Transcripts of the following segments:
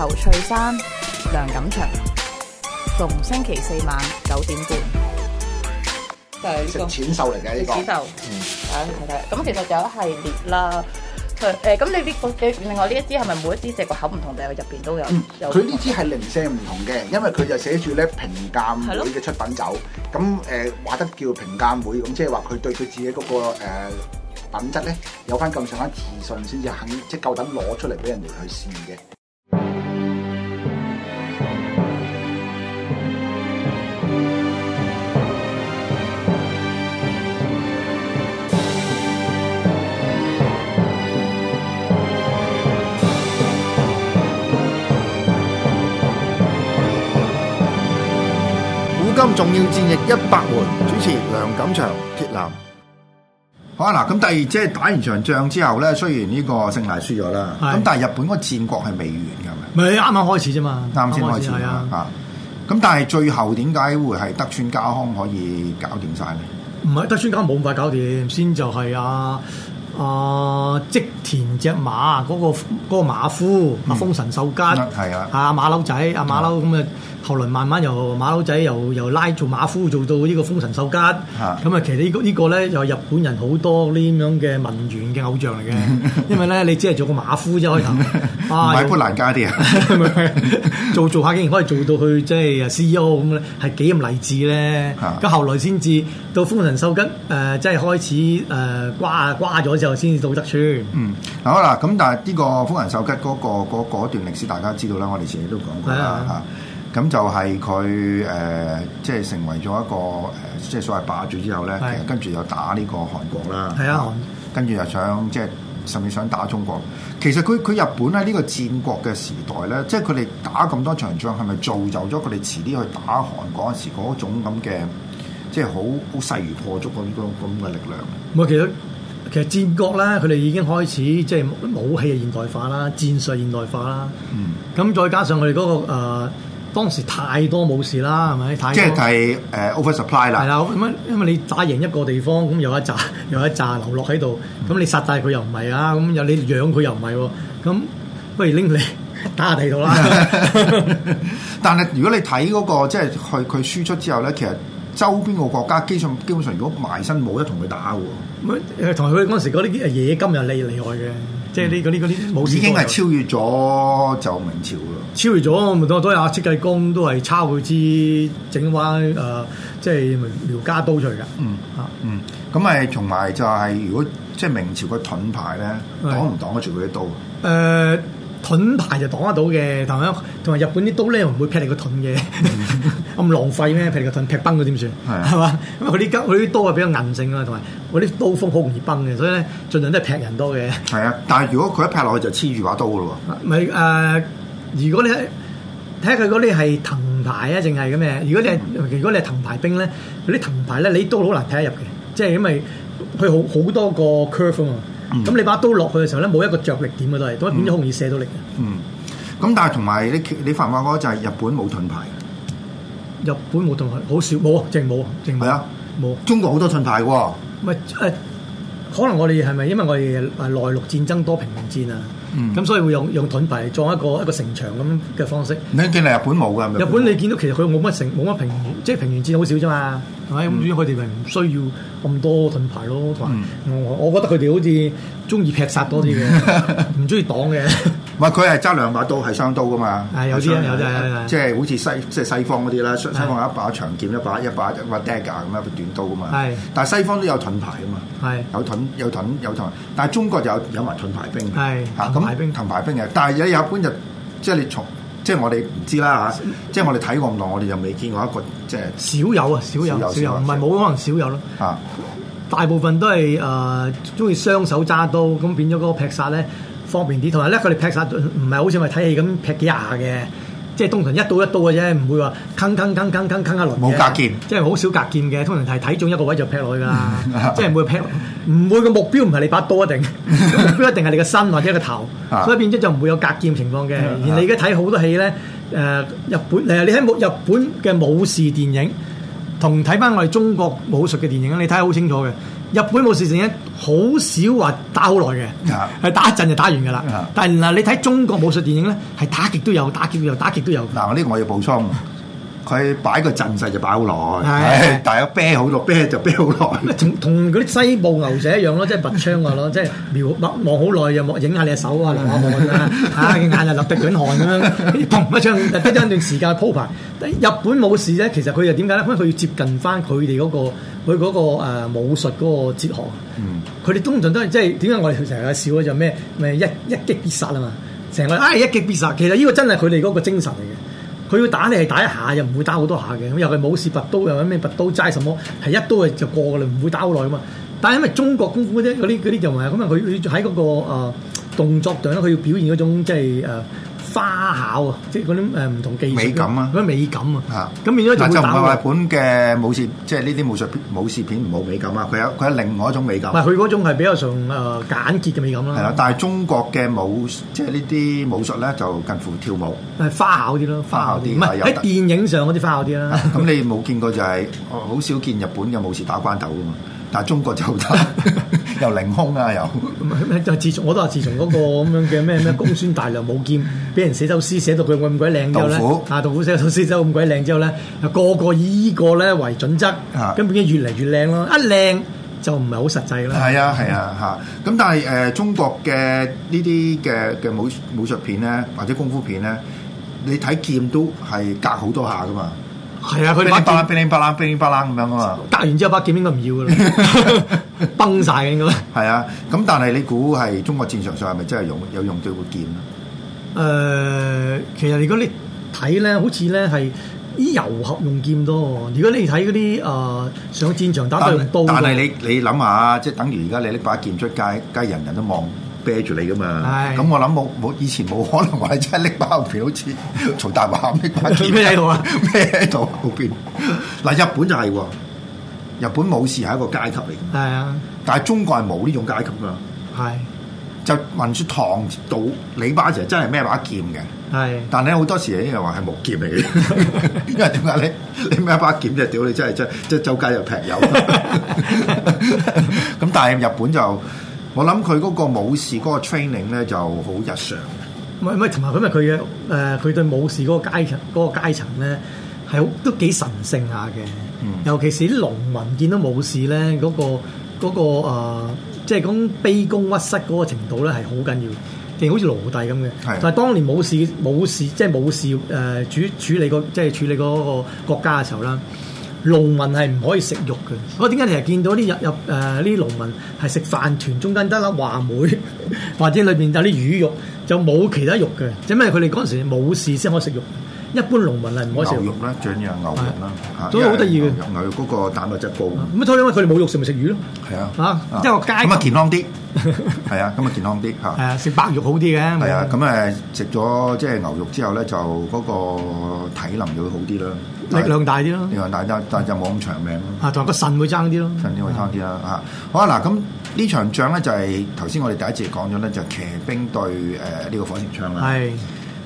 侯翠山、梁錦祥，逢星期四晚九點半。就係呢個。食淺壽嚟嘅呢個。淺壽，嗯。睇一睇睇。咁其實就有一系列啦。佢、誒，咁你呢個另外呢一支係咪每一支四個口唔同，定係入邊都有？嗯，佢呢支係零舍唔同嘅，因為佢就寫住咧評鑑會嘅出品酒。咁、誒，話得叫評鑑會，咁即係話佢對佢自己嗰個誒品質咧有翻咁上下自信，先至肯即係夠膽攞出嚟俾人哋去試嘅。重要戰役一百回，主持梁錦祥鐵男。鐵好啊，嗱，咁第二即係打完場仗之後咧，雖然呢個勝賴輸咗啦，咁的但係日本嗰個戰國係未完噶，咪咪啱啱開始啫嘛，啱先開始啊，咁但係最後點解會係德川家康可以搞掂晒咧？唔係德川家康冇咁快搞掂，先就係啊。啊！織田隻馬個個馬夫啊，豐臣秀吉係啊，啊馬騮仔啊馬騮咁啊，後來慢慢由馬騮仔又又拉做馬夫，做到呢個豐臣秀吉咁啊！其實呢個呢個咧，又日本人好多呢咁樣嘅文員嘅偶像嚟嘅，因為咧你只係做個馬夫啫開頭啊係波蘭家啲啊，做做下竟然可以做到去即係啊 C E O 咁咧，係幾咁勵志咧？咁後來先至到豐臣秀吉誒即係開始誒瓜啊瓜咗之後。先至到德川。德村，嗯，嗱嗱咁，但係呢個豐臣秀吉嗰、嗰個、嗰個嗰個、段歷史，大家知道啦。我哋自己都講過啦嚇，咁是、啊啊、就係佢誒，即係成為咗一個誒，即係所謂霸主之後咧，是啊、跟住又打呢個韓國啦，係是啊，啊，跟住又想即係甚至想打中國。其實佢佢日本喺呢個戰國嘅時代咧，即係佢哋打咁多場仗，係咪造就咗佢哋遲啲去打韓國嗰時嗰種咁嘅，即係好好勢如破竹嗰種咁嘅力量？唔其實。其實戰國咧，佢哋已經開始即係武器嘅現代化啦，戰術現代化啦。嗯。咁再加上佢哋嗰個誒、呃，當時太多武士啦，係咪？太即係太誒，over supply 啦。係、呃、啦，咁樣，因為你打贏一個地方，咁、嗯、有一紮，有一紮流落喺度，咁你殺晒佢又唔係啊，咁又你養佢又唔係，咁不如拎嚟打下地圖啦。但係如果你睇嗰、那個即係佢佢輸出之後咧，其實。周邊個國家基本上，基本上如果埋身冇得同佢打喎，咁誒、同佢嗰陣時嗰啲嘢金又厲厲害嘅，嗯、即係呢嗰啲嗰啲已經係超越咗就明朝咯，超越咗我唔多都日阿戚繼光都係抄佢支整翻誒、呃，即係苗家刀出嚟嘅，嗯，嗯啊嗯，咁咪同埋就係、是、如果即係明朝嘅盾牌咧，擋唔擋得住佢啲刀？誒。呃盾牌就擋得到嘅，同埋同埋日本啲刀咧又唔會劈你個盾嘅，咁、嗯、 浪費咩？劈你個盾劈崩嘅點算？係啊，係嘛？因為佢啲刀嗰啲刀啊比較硬性啊，同埋嗰啲刀鋒好容易崩嘅，所以咧盡量都係劈人多嘅。係啊，但係如果佢一劈落去就黐住把刀嘅咯喎。咪誒、啊，如果你睇下佢嗰啲係藤牌啊，淨係咁嘅？如果你係、嗯、如果你係藤牌兵咧，嗰啲藤牌咧，你刀好難劈得入嘅，即係因為佢好好多個 curve 啊。咁、嗯、你把刀落去嘅時候咧，冇一個着力點嘅都係，都好、嗯、容易射到力嘅、嗯。嗯，咁但係同埋你你發唔發覺就係日本冇盾牌，日本冇盾牌，好少冇，淨冇，淨冇啊，冇有。中國好多盾牌喎。咪誒。呃可能我哋係咪因為我哋誒內陸戰爭多平原戰啊？嗯，咁所以會用用盾牌撞一個一個城牆咁嘅方式。你見嚟日本冇㗎，日本，日本你見到其實佢冇乜城冇乜平，嗯、即係平原戰好少啫嘛。係咁、嗯，所以佢哋咪唔需要咁多盾牌咯。同埋、嗯、我我覺得佢哋好似中意劈殺多啲嘅，唔中意擋嘅。 佢係揸兩把刀，係雙刀噶嘛。係，有啲有就係即係好似西即係西方嗰啲啦，西方有一把長劍，一把一把一把 dagger 咁一個短刀噶嘛。係，但係西方都有盾牌噶嘛。係，有盾有盾有盾，但係中國就有有埋盾牌兵。係，咁盾牌兵嘅，但係有一本就即係你從即係我哋唔知啦嚇，即係我哋睇咁耐，我哋就未見過一個即係少有啊，少有少有，唔係冇，可能少有咯。嚇，大部分都係誒中意雙手揸刀，咁變咗嗰個劈殺咧。方便啲，同埋咧佢哋劈曬，唔係好似我哋睇戲咁劈幾廿嘅，即係通常一刀一刀嘅啫，唔會話坑坑坑坑坑坑下，冇隔劍，即係好少隔劍嘅，通常係睇中一個位就劈落去噶啦，即係唔會劈，唔會個目標唔係你把刀一定， 目標一定係你個身或者個頭，所以變咗就唔會有隔劍情況嘅。而 你而家睇好多戲咧，誒、呃、日本誒你喺日本嘅武士電影，同睇翻我哋中國武術嘅電影，你睇好清楚嘅。日本武士電影。好少話打好耐嘅，係 Yeah. 打一陣就打完㗎啦。Yeah. 但係嗱，你睇中國武術電影咧，係打極都有，打極都有，打極都有。嗱，呢、呢個我要補充，佢 擺個陣勢就擺 好耐，係，但係啤好耐，啤就啤好耐。同同嗰啲西部牛仔一樣咯，即係拔槍啊，即係 瞄望好耐又望影下你隻手 啊，嚇眼又立滴短汗咁樣，砰一槍，立得咗、啊、一,一段時間鋪排。日本武士咧，其實佢又點解咧？因為佢要接近翻佢哋嗰個。佢嗰、那個、呃、武術嗰個哲學，佢哋通常都係即係點解我哋成日笑嘅就咩、是？咪一一擊必殺啊嘛！成個唉、哎、一擊必殺，其實呢個真係佢哋嗰個精神嚟嘅。佢要打你係打一下，又唔會打好多下嘅。咁又係武士拔刀，又咩拔刀齋什麼？係一刀嘅就過㗎啦，唔會打好耐啊嘛。但係因為中國功夫啫，嗰啲嗰啲就係咁啊！佢喺嗰個誒、呃、動作上佢要表現嗰種即係誒。呃花巧啊，即係嗰啲誒唔同技術美感啊，嗰啲美感啊，咁變咗就打。但就唔係日本嘅武士，即係呢啲武術武術片冇美感啊，佢有佢有另外一種美感。唔係佢嗰種係比較上誒簡潔嘅美感咯。係啊，但係中國嘅武即係呢啲武術咧，就近乎跳舞係花巧啲咯，花巧啲。唔係喺電影上嗰啲花巧啲啦。咁你冇見過就係好少見日本嘅武士打關鬥噶嘛？但係中國就好多，又 凌空啊，又唔就自從我都話自從嗰那個咁樣嘅咩咩公孫大娘舞劍，俾人寫首詩寫到佢咁鬼靚之後咧，啊，杜甫寫首詩寫到咁鬼靚之後咧，個個以依個咧為準則，咁變咗越嚟越靚咯。一、啊、靚就唔係好實際咯。係啊，係啊，嚇。咁的但係誒、呃嗯、中國嘅呢啲嘅嘅武武術片咧，或者功夫片咧，你睇劍都係隔好多下噶嘛。係啊，佢哋噼里啪啦，噼里啪啦咁樣啊嘛，隔完之後把劍應該唔要噶啦，崩晒應該。係啊，咁但係你估係中國戰場上係咪真係用有用到個劍咧？誒，uh, 其實如果你睇咧，好似咧係啲游俠用劍多，啊。如果你睇嗰啲誒上戰場打對用刀，啊，但係你你諗下，即係等於而家你呢把劍出街，街人人都望。啤住你噶嘛？咁是的 我諗冇冇以前冇可能你真話真係拎包片，好似曹大華咁拎。孭咩喺度啊？咩喺度嗰邊。嗱，日本就係、是，日本武士係一個階級嚟嘅。係啊，但係中國係冇呢種階級噶。係是的 就聞說唐朝李白時真係咩把劍嘅。係，是的 但係好多時又話係木劍嚟嘅。是的 因為點解咧？你咩把劍就屌你真係真真周街又劈友。咁但係日本就。我諗佢嗰個武士嗰個 training 咧就好日常，唔係唔係同埋咁啊佢嘅誒佢對武士嗰、那個階層嗰個階層咧係好都幾神聖下嘅，嗯、尤其是啲農民見到武士咧嗰、那個嗰即係講卑躬屈膝嗰個、呃就是、程度咧係好緊要，其實好似奴隸咁嘅。但係是的 當年武士武士即係、就是、武士誒、呃、主處理個即係、就是、處理嗰個，個國家嘅時候啦。農民係唔可以食肉嘅，我點解你係見到啲入入誒呢啲農民係食飯團中間得粒話梅或者裏邊有啲魚肉，就冇其他肉嘅。只因為佢哋嗰陣時冇事先可以食肉，一般農民係唔可以食肉。肉咧，羊、牛肉啦，所以好得意嘅。牛肉嗰個蛋白質高。咁所以因為佢哋冇肉食，咪食魚咯。係啊，啊，即係我。咁啊，健康啲。係啊呵，咁啊，健康啲嚇。係啊，食白肉好啲嘅。係啊，咁誒食咗即係牛肉之後咧，就嗰個體能就會好啲啦。力量大啲咯，力量大，但但就冇咁長命咯。啊，同個腎會爭啲咯，腎啲會爭啲啦。嚇，好啦，嗱，咁呢場仗咧就係頭先我哋第一次講咗咧，就騎兵對誒呢個火繩槍啦。係，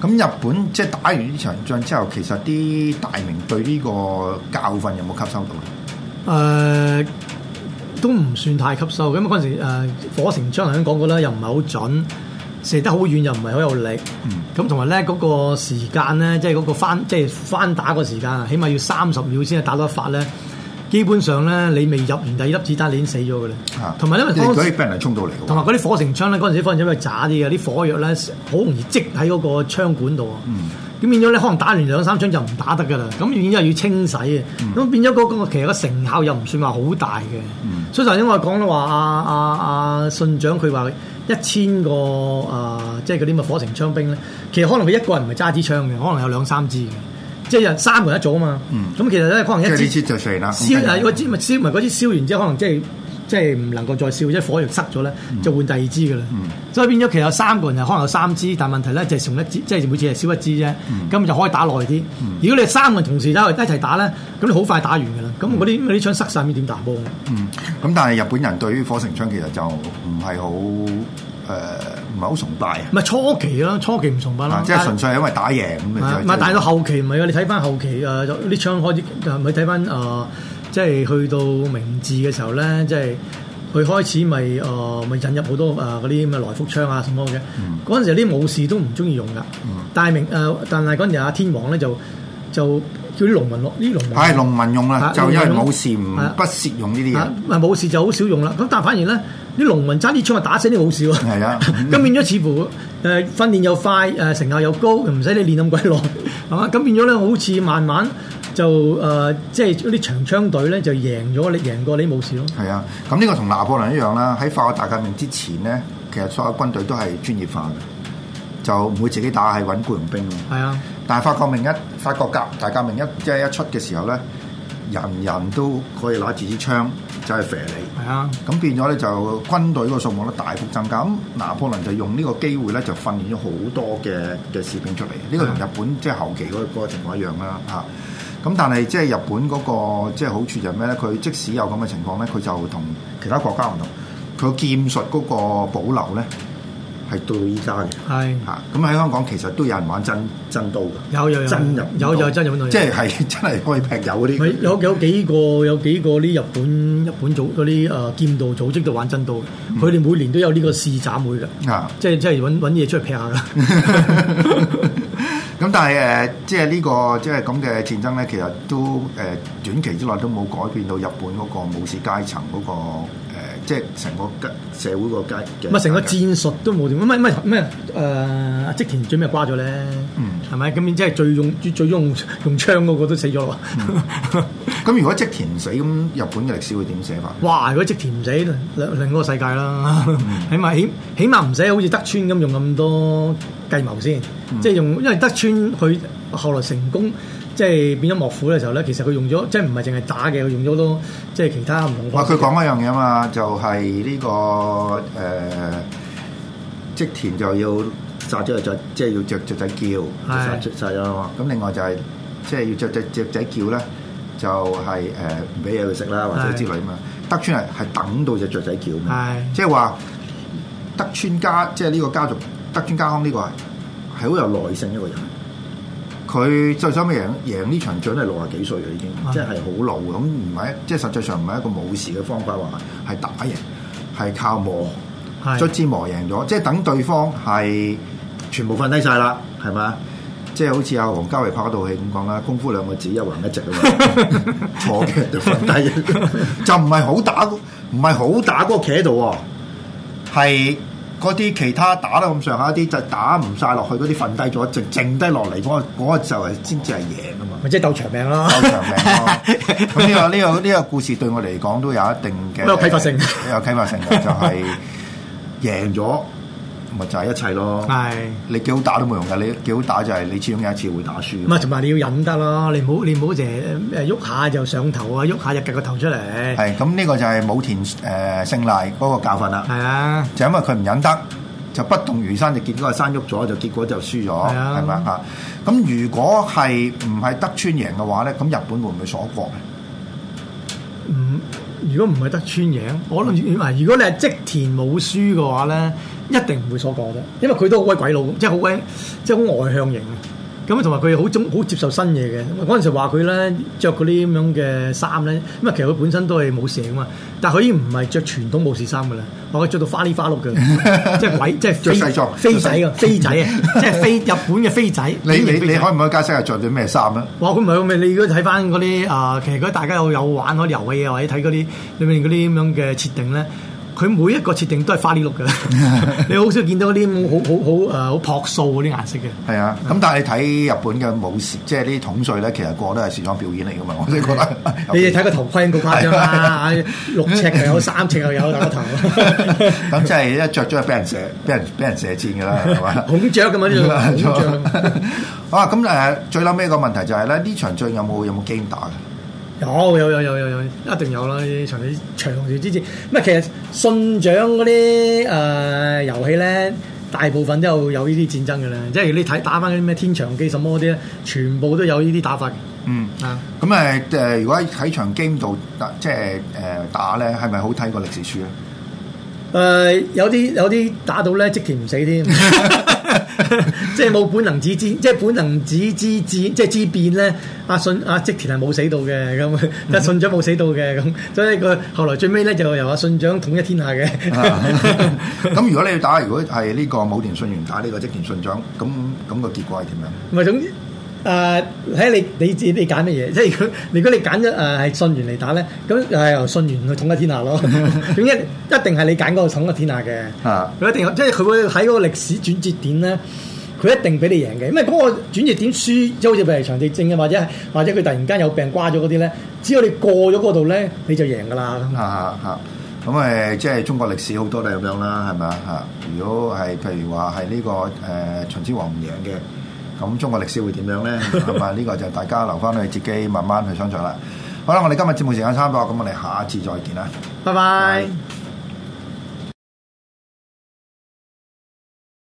咁日本即係打完呢場仗之後，其實啲大名對呢個教訓有冇吸收到啊？誒，都唔算太吸收。咁嗰陣時誒，火繩槍頭先講過啦，又唔係好準。射得好遠又唔係好有力，咁同埋咧嗰個時間咧，即係嗰個翻即係翻打個時間啊，起碼要三十秒先係打到一發咧。基本上咧，你未入完第二粒子彈，你已經死咗嘅啦。同埋因為當，同埋嗰啲火繩槍咧，嗰陣時火槍因為渣啲嘅，啲火藥咧好容易積喺嗰個槍管度啊。咁變咗咧，可能打完兩三槍就唔打得噶啦。咁變咗又要清洗啊。咁變咗嗰個其實個成效又唔算話好大嘅。所以就因為講到話啊啊啊信長佢話。一千個啊、呃，即係嗰啲乜火繩槍兵咧，其實可能佢一個人唔係揸支槍嘅，可能有兩三支嘅，即係人三個人一組啊嘛。咁、嗯、其實咧，可能一支就燒啊，我支咪燒埋嗰支燒完之後，可能即係。即係唔能夠再燒，即係火藥塞咗咧，嗯、就換第二支嘅啦。嗯、所以變咗其實有三個人係可能有三支，但問題咧就係用一支，即係每次係燒一支啫。咁、嗯、就可以打耐啲。嗯、如果你三個人同時都一齊打咧，咁你好快打完嘅啦。咁嗰啲啲槍塞曬，點打波、嗯？嗯，咁、嗯嗯、但係日本人對於火繩槍其實就唔係好誒，唔係好崇拜。唔係初期啦，初期唔崇拜啦，即係、啊、是純粹係因為打贏咁。唔係是，但到是後期唔係啊！你睇翻後期啊，啲槍開始，唔係睇翻啊。呃即係去到明治嘅時候咧，即係佢開始咪誒咪引入好多誒嗰啲咁嘅來福槍啊，什麼嘅？嗰陣時啲武士都唔中意用噶。大明誒，但係嗰陣時阿天皇咧就就叫啲農民落啲農民，係農民用啦，就因為武士唔不屑用呢啲嘢。咪武士就好少用啦。咁但係反而咧，啲農民揸啲槍咪打死啲武士啊。係啦，咁變咗似乎誒訓練又快，誒成效又高，唔使你練咁鬼耐，係嘛？咁變咗咧，好似慢慢。就誒、呃，即係嗰啲長槍隊咧，就贏咗你贏，你贏過你冇事咯。係啊，咁呢個同拿破崙一樣啦。喺法國大革命之前咧，其實所有軍隊都係專業化嘅，就唔會自己打係揾僱傭兵咯。係啊，但係法國明一法國革大革命一即係、就是、一出嘅時候咧，人人都可以攞住支槍就係、是、射你。係啊，咁變咗咧就軍隊個數目咧大幅增加。咁拿破崙就用呢個機會咧，就訓練咗好多嘅嘅士兵出嚟。呢、這個同日本即係是、啊、後期嗰個情況一樣啦，嚇。咁但係即係日本嗰個即係好處就係咩咧？佢即使有咁嘅情況咧，佢就同其他國家唔同，佢劍術嗰個保留咧係到依家嘅。係嚇，咁喺是、嗯、香港其實都有人玩真真刀嘅。有有有真人，有真有真人玩即係係真係可以劈友嗰啲。有是有幾個有幾個啲日本日本組嗰啲誒劍道組織度玩真刀佢哋，、嗯、每年都有呢個試斬會嘅。啊、嗯！即係即係揾揾嘢出嚟劈下。 咁但係誒、呃，即係、這個、呢個即係咁嘅戰爭咧，其實都誒、呃、短期之內都冇改變到日本嗰個武士階層嗰個。即係成個社會個吉嘅。唔係成個戰術都冇掂，唔係唔係咩？誒、呃，阿織田最尾瓜咗咧？嗯，係咪？咁即係最用最最用用槍嗰個都死咗咯。咁、嗯、 如果織田死，咁日本嘅歷史會點寫法？哇！如果織田唔死，就另另個世界啦、嗯。 起碼起起碼唔使好似德川咁用咁多計謀先，嗯、即係用，因為德川佢後來成功。即係變咗幕府嘅時候咧，其實佢用咗即係唔係淨係打嘅，佢用咗都，即係其他唔同。哇！佢講一樣嘢嘛，就係、是、呢、這個誒織、呃、田就要殺咗又再，即、就、係、是、要雀雀仔叫。係、就是、殺咗啊嘛！咁另外就係即係要雀雀雀仔叫咧，就係誒唔俾嘢佢食啦，或者之類啊嘛。是的 德川係係等到隻雀仔叫啊嘛，即係話德川家即係呢個家族，德川家康呢個係係好有耐性一個人。佢就使咪贏贏呢場仗係六啊幾歲嘅已經，即係好老咁，唔係即係實際上唔係一個武士嘅方法，話係打贏係靠磨，卒之磨贏咗，即係等對方係全部瞓低晒啦，係咪？即係好似阿黃家衞拍嗰套戲咁講啦，《功夫》兩個字一橫一直隻話， 坐嘅 就瞓低，就唔係好打，唔係好打嗰個企喺度，係。嗰啲其他打得咁上下啲，就打唔晒落去，嗰啲瞓低咗，剩剩低落嚟，嗰、嗰個就係先至係贏啊嘛！咪即係鬥長命咯，鬥長命咯！咁呢、 呢個呢個呢個故事對我嚟講都有一定嘅，有啟發性，有啟發性就係、嘅、贏咗。 咪就係一齊咯，你幾好打都冇用噶，你幾好打就係你始終有一次會打輸。咪同埋你要忍得咯，你唔好你唔好淨係喐下就上頭啊，喐下就夾個頭出嚟。係咁呢個就係武田誒勝賴嗰個教訓啦。係啊，就因為佢唔忍得，就不動如山，就見到個山喐咗，就結果就輸咗，係咪啊？咁如果係唔係德川贏嘅話咧，咁日本會唔會鎖國咧？嗯。如果唔係德川贏，我諗如果你係織田冇輸嘅話咧，一定唔會錯過嘅，因為佢都好鬼鬼佬，即係好鬼，即係好外向型。咁同埋佢好中好接受新嘢嘅，嗰陣時話佢咧着嗰啲咁樣嘅衫咧，因為其實佢本身都係武士啊嘛，但係佢已經唔係着傳統武士衫噶啦，話佢着到花里花碌嘅， 即係鬼，即係著細裝飛仔啊，飛仔啊，即係飛日本嘅飛仔。你你你可唔可以解釋下著對咩衫啊？哇，咁唔係，咪你如果睇翻嗰啲啊，其實嗰啲大家有玩有玩遊戲嘅嘢，或者睇嗰啲裏面嗰啲咁樣嘅設定咧。佢每一個設定都係花呢碌嘅， 你好少見到啲好好好誒好樸素嗰啲顏色嘅。係啊，咁、嗯、但係你睇日本嘅武士，即係啲統帥咧，其實過都係時裝表演嚟嘅嘛，我覺得。你哋睇個頭盔咁誇張啦，啊啊啊、六尺又有三尺又有個頭，咁即係一着咗就俾人射，俾人俾人射箭嘅啦，係 嘛？孔雀咁樣呢個啊，咁誒最嬲尾個問題就係、是、咧，呢場仗有冇有冇 game 打？有有有有有一定有啦！長啲長篠之戰咁啊，其實信長嗰啲誒遊戲咧，大部分都有呢啲戰爭嘅啦，即係你睇打翻啲咩天長機什麼嗰啲咧，全部都有呢啲打法嘅。嗯啊，咁誒誒，如果喺長機度即係誒打咧，係咪好睇過歷史書咧？誒、呃、有啲有啲打到咧，織田唔死添。 即係冇本能寺之變，即係本能寺之變，即係之變咧。阿信阿織田係冇死到嘅，咁即係信長冇死到嘅，咁所以佢後來最尾咧就由阿信長統一天下嘅。咁如果你要打，如果係呢個武田信玄打呢個織田信長，咁咁，嗰個結果係點樣？唔係總之。誒，睇、uh, 你你你揀乜嘢？即係如果如果你揀咗誒係信玄嚟打咧，咁又係由信玄去統一天下咯。總之一定係你揀嗰個統一天下嘅。啊，佢一定即係佢會喺嗰個歷史轉折點咧，佢一定俾你贏嘅。因為嗰個轉折點輸，即、就是、好似譬如長子症啊，或者或者佢突然間有病瓜咗嗰啲咧，只要你過咗嗰度咧，你就贏噶啦。啊啊，咁誒，即係中國歷史好多都係咁樣啦，係咪啊？吓、嗯，如果係譬如話係呢個誒秦始皇唔贏嘅。呃咁中國歷史會點樣咧？咁啊、 嗯，呢、呢個就大家留翻去自己慢慢去想像啦。 好啦，我哋今日節目時間差唔多，咁我哋下一次再見啦。拜拜。